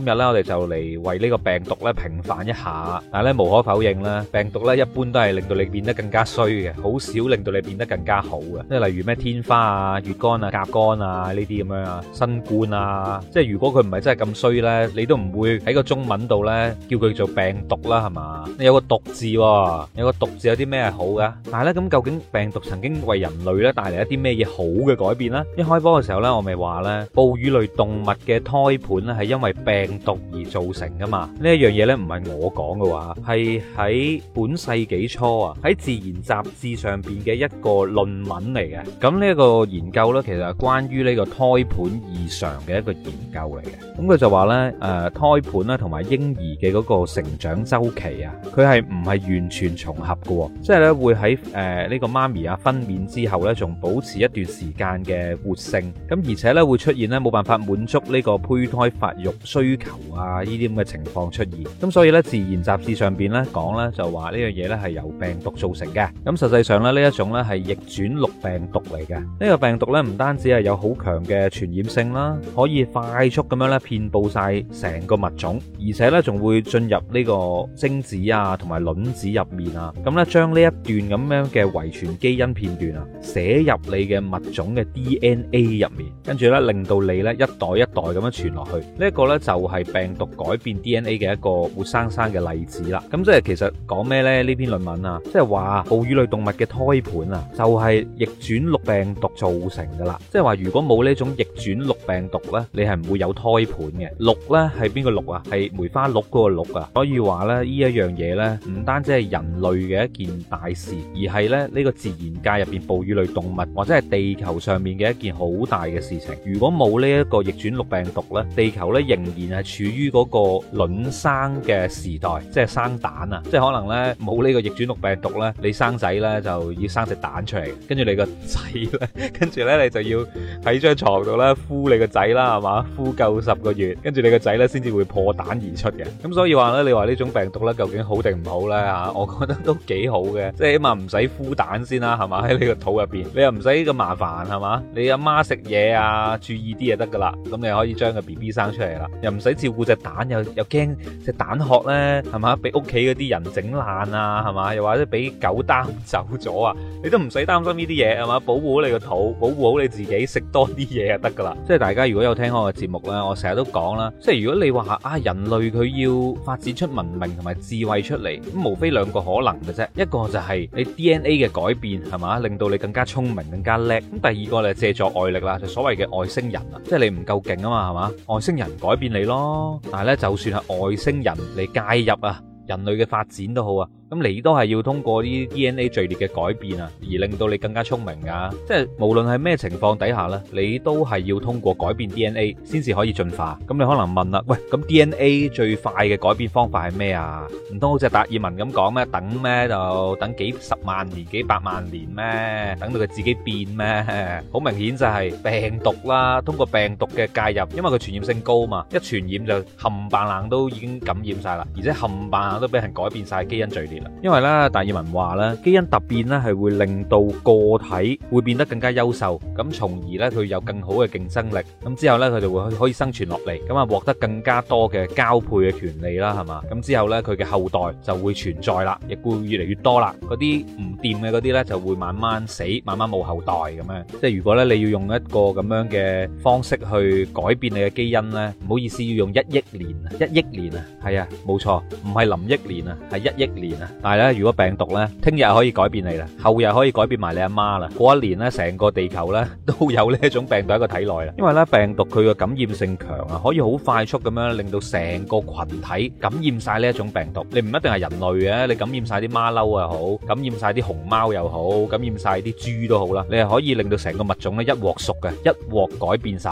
今日咧，我哋就嚟為呢個病毒咧平反一下。但係咧，無可否認啦，病毒咧一般都係令到你變得更加衰嘅，好少令到你變得更加好嘅。即係例如咩天花啊、乙肝啊、甲肝啊呢啲咁樣啊、新冠啊。即係如果佢唔係真係咁衰咧，你都唔會喺個中文度咧叫佢做病毒啦，係嘛？你有個毒字喎、哦，有個毒字有啲咩好㗎？但係咧，咁究竟病毒曾經為人類咧帶嚟一啲咩嘢好嘅改變呢？一開波嘅時候咧，我咪話咧，哺乳類動物嘅胎盤咧係因為病。毒而造成噶嘛？呢一樣嘢咧，唔係我講嘅話，係喺本世紀初啊，喺《自然雜誌》上邊嘅一個論文嚟嘅。咁呢一個研究咧，其實，係關於呢個胎盤異常嘅一個研究嚟嘅。咁佢就話咧，誒胎盤咧同埋嬰兒嘅嗰個成長周期啊，佢係唔係完全重合嘅？即係咧會喺誒呢個媽咪啊分娩之後咧，仲保持一段時間嘅活性咁，而且咧會出現咧冇辦法滿足呢個胚胎發育需。需求啊，呢啲咁嘅情況出現，咁所以咧自然雜誌上邊咧講咧就話呢樣嘢咧係由病毒造成嘅，咁實際上咧呢一種咧係逆轉錄病毒嚟嘅，呢個病毒咧唔單止係有好強嘅傳染性啦，可以快速咁樣咧遍布晒成個物種，而且咧仲會進入呢個精子啊同埋卵子入面啊，咁咧將呢一段咁樣嘅遺傳基因片段啊寫入你嘅物種嘅 DNA 入面，跟住咧令到你咧一代一代咁樣傳落去，呢一個咧就。就係病毒改變 DNA 嘅一個活生生嘅例子啦。咁即係其實講咩呢？呢篇論文啊，即係話哺乳類動物嘅胎盤啊，就係、是、逆轉錄病毒造成噶啦。即係話如果冇呢種逆轉錄病毒呢，你係唔會有胎盤嘅。鹿呢係邊個鹿啊？係梅花鹿嗰個鹿啊。所以話咧呢一樣嘢呢，唔單止係人類嘅一件大事，而係咧呢、這個自然界入邊哺乳類動物或者係地球上面嘅一件好大嘅事情。如果冇呢一個逆轉錄病毒呢，地球呢仍然。係處於嗰個卵生嘅時代，即係生蛋啊！即係可能咧冇呢個逆轉錄病毒咧，你生仔咧就要生隻蛋出嚟，跟住你個仔咧，跟住咧你就要喺張床度咧孵你個仔啦，係嘛？孵夠十個月，跟住你個仔咧先至會破蛋而出嘅。咁所以話咧，你話呢種病毒咧究竟好定唔好咧？嚇，我覺得都幾好嘅，即係起碼唔使孵蛋先啦，係嘛？喺你個肚入邊，你又唔使咁麻煩，係嘛？你阿媽食嘢啊，注意啲就得噶啦。咁你可以將個 B B 生出嚟啦，.唔使照顧隻蛋，又又驚隻蛋殼呢，係嘛？俾屋企嗰啲人整爛啊，係嘛？又或者俾狗擔走咗啊，你都唔使擔心呢啲嘢，係嘛？保護好你個肚，保護好你自己，食多啲嘢就得㗎啦。即係大家如果有聽我嘅節目呢，我成日都講啦。即係如果你話啊人類佢要發展出文明同埋智慧出嚟，咁無非兩個可能嘅啫。一個就係你 DNA 嘅改變係嘛，令到你更加聰明、更加叻。咁第二個呢，借助外力啦，就所謂嘅外星人啊，即係你唔夠勁啊嘛係嘛？外星人改變你。咯，但係咧，就算係外星人嚟介入啊，人類嘅發展都好啊。咁你都係要通過啲 DNA 序列嘅改變啊，而令到你更加聰明㗎。即係無論係咩情況底下呢，你都係要通過改變 DNA，先至可以進化。咁你可能問啦，喂，咁 DNA 最快嘅改變方法係咩啊？唔通好似達爾文咁講咩？等咩就等幾十萬年，幾百萬年咩？等到佢自己變咩？好明顯就係病毒啦，通過病毒嘅介入，因為佢傳染性高嘛，一傳染就冚唪唥都已經感染晒啦，而且冚唪唥都俾人改變晒基因序列。因為咧，達爾文話咧，基因突變咧係會令到個體會變得更加優秀，咁從而咧佢有更好嘅競爭力，咁之後咧佢就會可以生存落嚟，咁啊獲得更加多嘅交配嘅權利啦，係嘛，咁之後咧佢嘅後代就會存在啦，亦會越嚟越多啦，嗰啲唔掂嘅嗰啲咧就會慢慢死，慢慢冇後代咁樣。即係如果咧你要用一個咁樣嘅方式去改變你嘅基因咧，唔好意思要用一億年，一億年啊，係啊，冇錯，唔係林億年啊，係一億年啊。但係咧，如果病毒咧，聽日可以改變你啦，後日可以改變埋你阿媽啦。過一年咧，成個地球咧都有呢一種病毒喺個體內啦。因為咧，病毒佢嘅感染性強啊，可以好快速咁樣令到成個群體感染晒呢一種病毒。你唔一定係人類嘅，你感染晒啲馬騮又好，感染晒啲熊貓又好，感染晒啲豬都好啦。你係可以令到成個物種咧一鑊熟嘅，一鑊改變晒。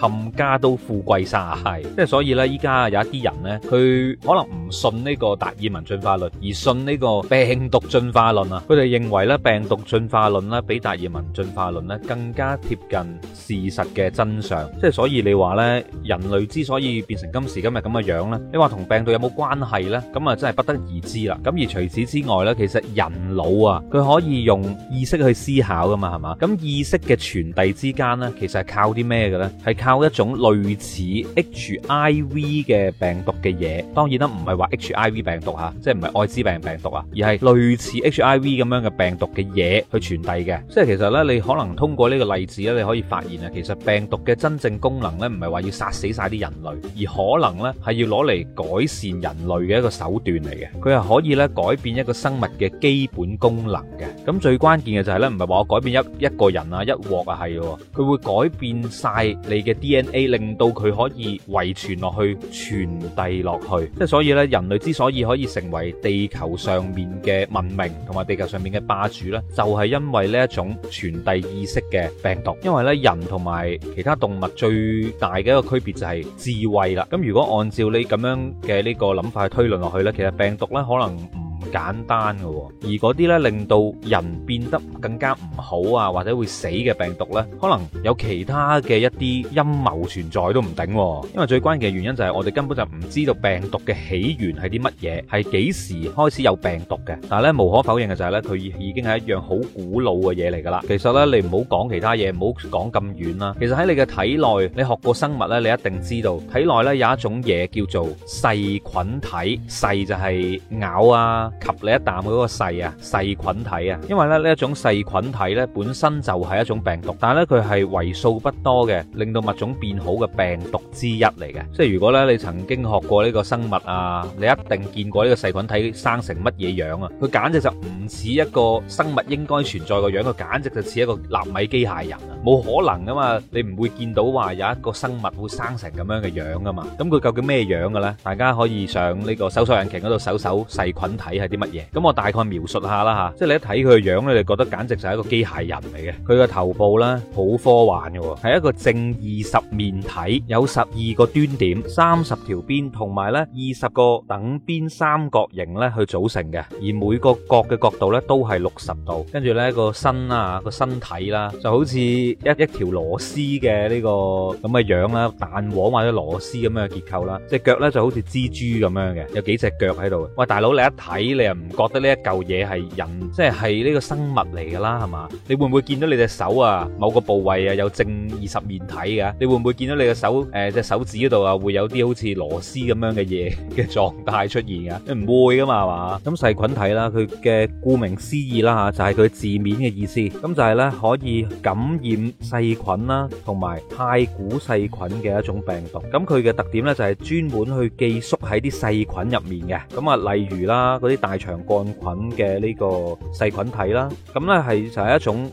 冚家都富貴晒，啊，係即係所以咧，依家有一啲人呢，佢可能唔信呢個達爾文進化論，而信呢個病毒進化論啊。佢哋認為咧，病毒進化論咧比達爾文進化論咧更加貼近事實嘅真相。即係所以你話呢，人類之所以變成今時今日咁嘅樣呢，你話同病毒有冇關係呢？咁啊，真係不得而知啦。咁而除此之外呢，其實人腦啊，佢可以用意識去思考噶嘛，係嘛？咁意識嘅傳遞之間呢，其實係靠啲咩嘅咧？係靠。靠一種類似 HIV 嘅病毒嘅嘢，當然啦，唔係話 HIV 病毒吓，即係唔係愛滋病病毒啊，而係類似 HIV 咁樣嘅病毒嘅嘢去傳遞嘅。即係其實咧，你可能通過呢個例子咧，你可以發現啊，其實病毒嘅真正功能咧，唔係話要殺死曬啲人類，而可能咧係要攞嚟改善人類嘅一個手段嚟嘅。佢係可以咧改變一個生物嘅基本功能嘅。咁最關鍵嘅就係咧，唔係話我改變一一個人啊，一鑊啊係喎，佢會改變曬你嘅嘅 DNA 令到佢可以遺傳落去、傳遞落去，即係所以咧，人類之所以可以成為地球上面嘅文明同埋地球上面嘅霸主咧，就係、是、因為呢一種傳遞意識嘅病毒。因為咧，人同埋其他動物最大嘅一個區別就係智慧啦。咁、嗯、如果按照你咁樣嘅呢個諗法去推論落去咧，其實病毒咧可能唔。簡單嘅喎，而嗰啲咧令到人變得更加唔好啊，或者會死嘅病毒呢，可能有其他嘅一啲陰謀存在都唔頂喎啊，因為最關鍵嘅原因就係我哋根本就唔知道病毒嘅起源係啲乜嘢，係幾時開始有病毒嘅。但係咧，無可否認嘅就係呢，佢已經係一樣好古老嘅嘢嚟噶啦。其實呢，你唔好講其他嘢，唔好講咁遠啦。其實喺你嘅體內，你學過生物呢，你一定知道體內呢有一種嘢叫做噬菌體，噬就係咬啊。及你一啖嗰個細啊細菌體啊，因為咧呢一種細菌體咧本身就係一種病毒，但係咧佢係為數不多嘅令到物種變好嘅病毒之一嚟嘅。即係如果咧你曾經學過呢個生物啊，你一定見過呢個細菌體生成乜嘢樣啊？佢簡直就唔似一個生物應該存在個樣，佢簡直就似一個納米機械人啊！冇可能噶嘛，你唔會見到話有一個生物會生成咁樣嘅樣噶嘛。咁佢究竟咩樣嘅咧？大家可以上呢個搜索引擎嗰度搜搜細菌體係啲乜嘢？咁我大概描述下啦吓，即係你一睇佢嘅樣咧，你就覺得簡直就係一個機械人嚟嘅。佢個頭部咧好科幻嘅，係一個正二十面體，有十二個端點、三十條邊，同埋咧二十個等邊三角形咧去組成嘅。而每個角嘅角度咧都係六十度。跟住咧個身啊個身體啦，就好似一一條螺絲嘅呢個咁嘅樣啦，彈簧或者螺絲咁樣嘅結構啦。隻腳咧就好似蜘蛛咁樣嘅，有幾隻腳喺度。喂，大佬你一睇。你又唔覺得呢一嚿嘢係人，即係係呢個生物嚟㗎啦，係嘛？你會唔會見到你隻手啊，某個部位啊有正二十面體㗎？你會唔會見到你嘅手誒隻手指嗰度啊，會有啲好似螺絲咁樣嘅嘢嘅狀態出現㗎？你唔會㗎嘛，係嘛？咁細菌體啦，佢嘅顧名思義啦嚇，就係佢字面嘅意思。咁就係咧可以感染細菌啦，同埋太古細菌嘅一種病毒。咁佢嘅特點咧就係專門去寄宿喺啲細菌入面嘅。咁啊，例如啦，嗰啲大大腸桿菌嘅呢個細菌體啦，咁呢係就係一種誒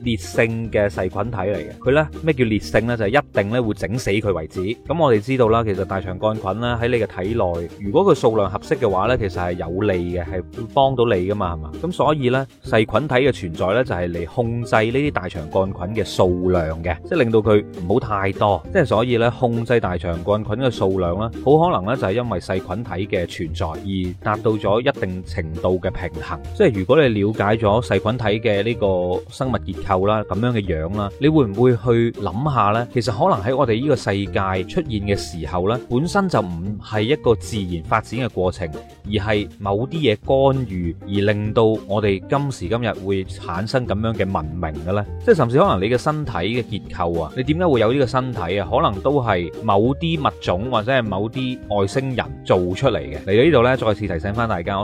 烈、呃、性嘅細菌體嚟嘅。佢咧咩叫烈性呢？就係、是、一定咧會整死佢為止。咁我哋知道啦，其實大腸桿菌咧喺你嘅體內，如果佢數量合適嘅話呢，其實係有利嘅，係會幫到你噶嘛，係嘛？咁所以呢，細菌體嘅存在呢，就係嚟控制呢啲大腸桿菌嘅數量嘅，即係令到佢唔好太多。即係所以呢，控制大腸桿菌嘅數量呢，好可能呢，就係因為細菌體嘅存在而達到咗一一定程度嘅平衡，即係如果你了解咗細菌體嘅呢個生物結構啦，咁樣嘅樣啦，你會唔會去諗下咧？其實可能喺我哋呢個世界出現嘅時候咧，本身就唔係一個自然發展嘅過程，而係某啲嘢干預而令到我哋今時今日會產生咁樣嘅文明嘅咧。即係甚至可能你嘅身體嘅結構啊，你點解會有呢個身體啊？可能都係某啲物種或者係某啲外星人做出嚟嘅。嚟到呢度咧，再次提醒翻大家。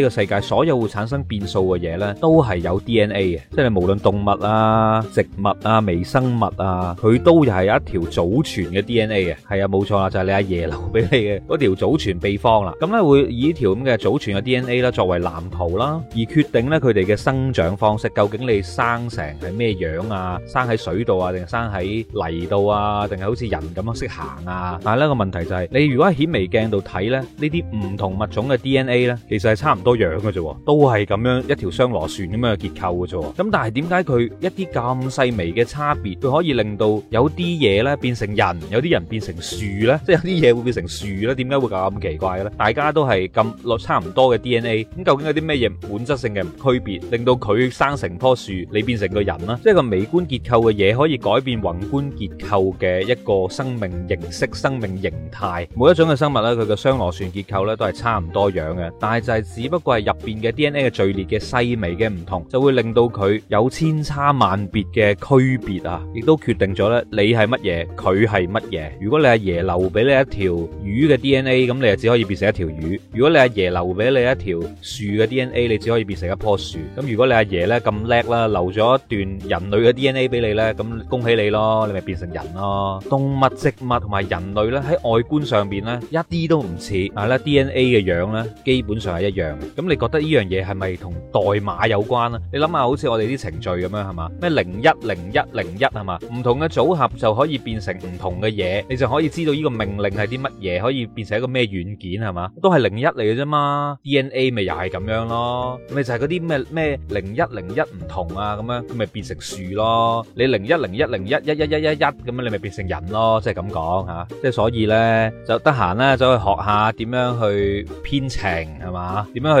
呢個世界所有會產生變數嘅嘢咧，都係有 DNA 嘅，即係無論動物啊、植物啊、微生物啊，佢都係一條祖傳嘅 DNA 嘅。係啊，冇錯啦，就係你阿爺留俾你嘅嗰條祖傳秘方啦。咁咧會以條咁嘅祖傳嘅 DNA 啦作為藍圖啦，而決定咧佢哋嘅生長方式。究竟你生成係咩樣啊？生喺水度啊，定係生喺泥度啊？定係好似人咁樣識行啊？但係呢個問題就係，你如果喺顯微鏡度睇咧，呢啲唔同物種嘅 DNA 咧，其實係差唔多樣嘅啫，都係咁樣一條雙螺旋咁樣嘅結構嘅啫。咁但係點解佢一啲咁細微嘅差別，佢可以令到有啲嘢咧變成人，有啲人變成樹咧，即係有啲嘢會變成樹咧？點解會咁奇怪嘅咧？大家都係咁落差唔多嘅 DNA。咁究竟有啲咩嘢本質性嘅區別，令到佢生成棵樹，你變成個人咧？即係個微觀結構嘅嘢可以改變宏觀結構嘅一個生命形式，生命形態。每一種嘅生物咧，佢嘅雙螺旋結構咧都係差唔多樣嘅，但係就係只不。個係入邊嘅 DNA 嘅序列嘅細微嘅唔同，就會令到佢有千差萬別嘅區別啊！亦都決定咗咧，你係乜嘢，佢係乜嘢。如果你阿爺留俾你一條魚嘅 DNA，咁你就只可以變成一條魚；如果你阿爺留俾你一條樹嘅 DNA，你只可以變成一棵樹。咁如果你阿爺咧咁叻啦，留咗一段人類嘅 DNA 俾你咧，咁恭喜你咯，你咪變成人咯。動物、植物同埋人類咧，喺外觀上邊咧一啲都唔似，但係咧 DNA 嘅樣咧基本上係一樣。咁你覺得依樣嘢係咪同代碼有關啊？你諗下，好似我哋啲程序咁樣係嘛？咩零一零一零一係嘛？唔同嘅組合就可以變成唔同嘅嘢，你就可以知道依個命令係啲乜嘢，可以變成一個咩軟件係嘛？都係零一嚟嘅啫嘛，DNA 咪又係咁樣咯。咁咪就係嗰啲咩咩零一零一唔同啊咁樣，佢咪變成樹咯。你零一零一零一一一一一一咁樣，你咪變成人咯，即係咁講嚇。即係所以咧，就得閒咧走去學下點樣去編程係嘛？點樣去？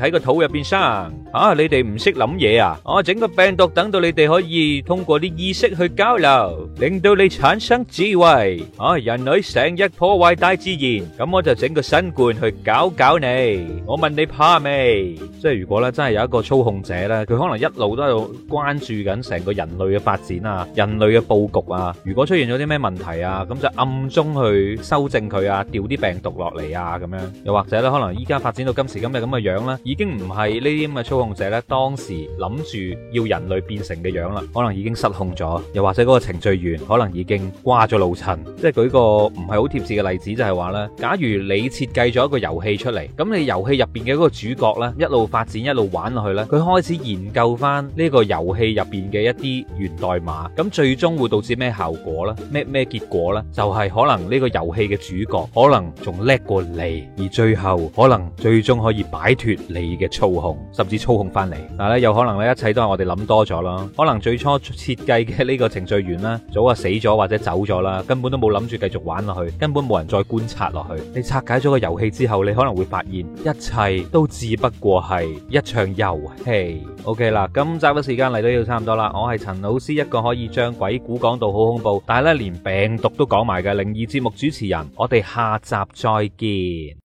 喺個肚入邊生吓，你哋唔識諗嘢啊！我整個病毒，等到你哋可以通過啲意識去交流，令到你產生智慧吓。人類成日破壞大自然，咁我就整個新冠去搞搞你。我問你怕未？即係如果咧，真係有一個操控者咧，佢可能一路都喺度關注緊成個人類嘅發展啊，人類嘅布局啊。如果出現咗啲咩問題啊，咁就暗中去修正佢啊，調啲病毒落嚟啊，咁樣又或者咧，可能依家發展到今時今日咁嘅樣咧。已經唔係呢啲咁嘅操控者咧，當時諗住要人類變成嘅樣啦，可能已經失控咗，又或者嗰個程序員可能已經瓜咗老襯。即係舉個唔係好貼切嘅例子，就係話咧，假如你設計咗一個遊戲出嚟，咁你遊戲入邊嘅嗰個主角咧，一路發展一路玩落去咧，佢開始研究翻呢個遊戲入邊嘅一啲源代碼，咁最終會導致咩效果呢？咩咩結果呢？就係、是、可能呢個遊戲嘅主角可能仲叻過你，而最後可能最終可以擺脫。你嘅操控，甚至操控翻嚟，但係咧，有可能咧，一切都係我哋諗多咗咯。可能最初設計嘅呢個程序員啦，早就死咗或者走咗啦，根本都冇諗住繼續玩落去，根本冇人再觀察落去。你拆解咗個遊戲之後，你可能會發現一切都只不過係一場遊戲。OK 啦，今集嘅時間嚟到呢度差唔多啦。我係陳老師，一個可以將鬼故講到好恐怖，但係咧連病毒都講埋嘅靈異節目主持人。我哋下集再見。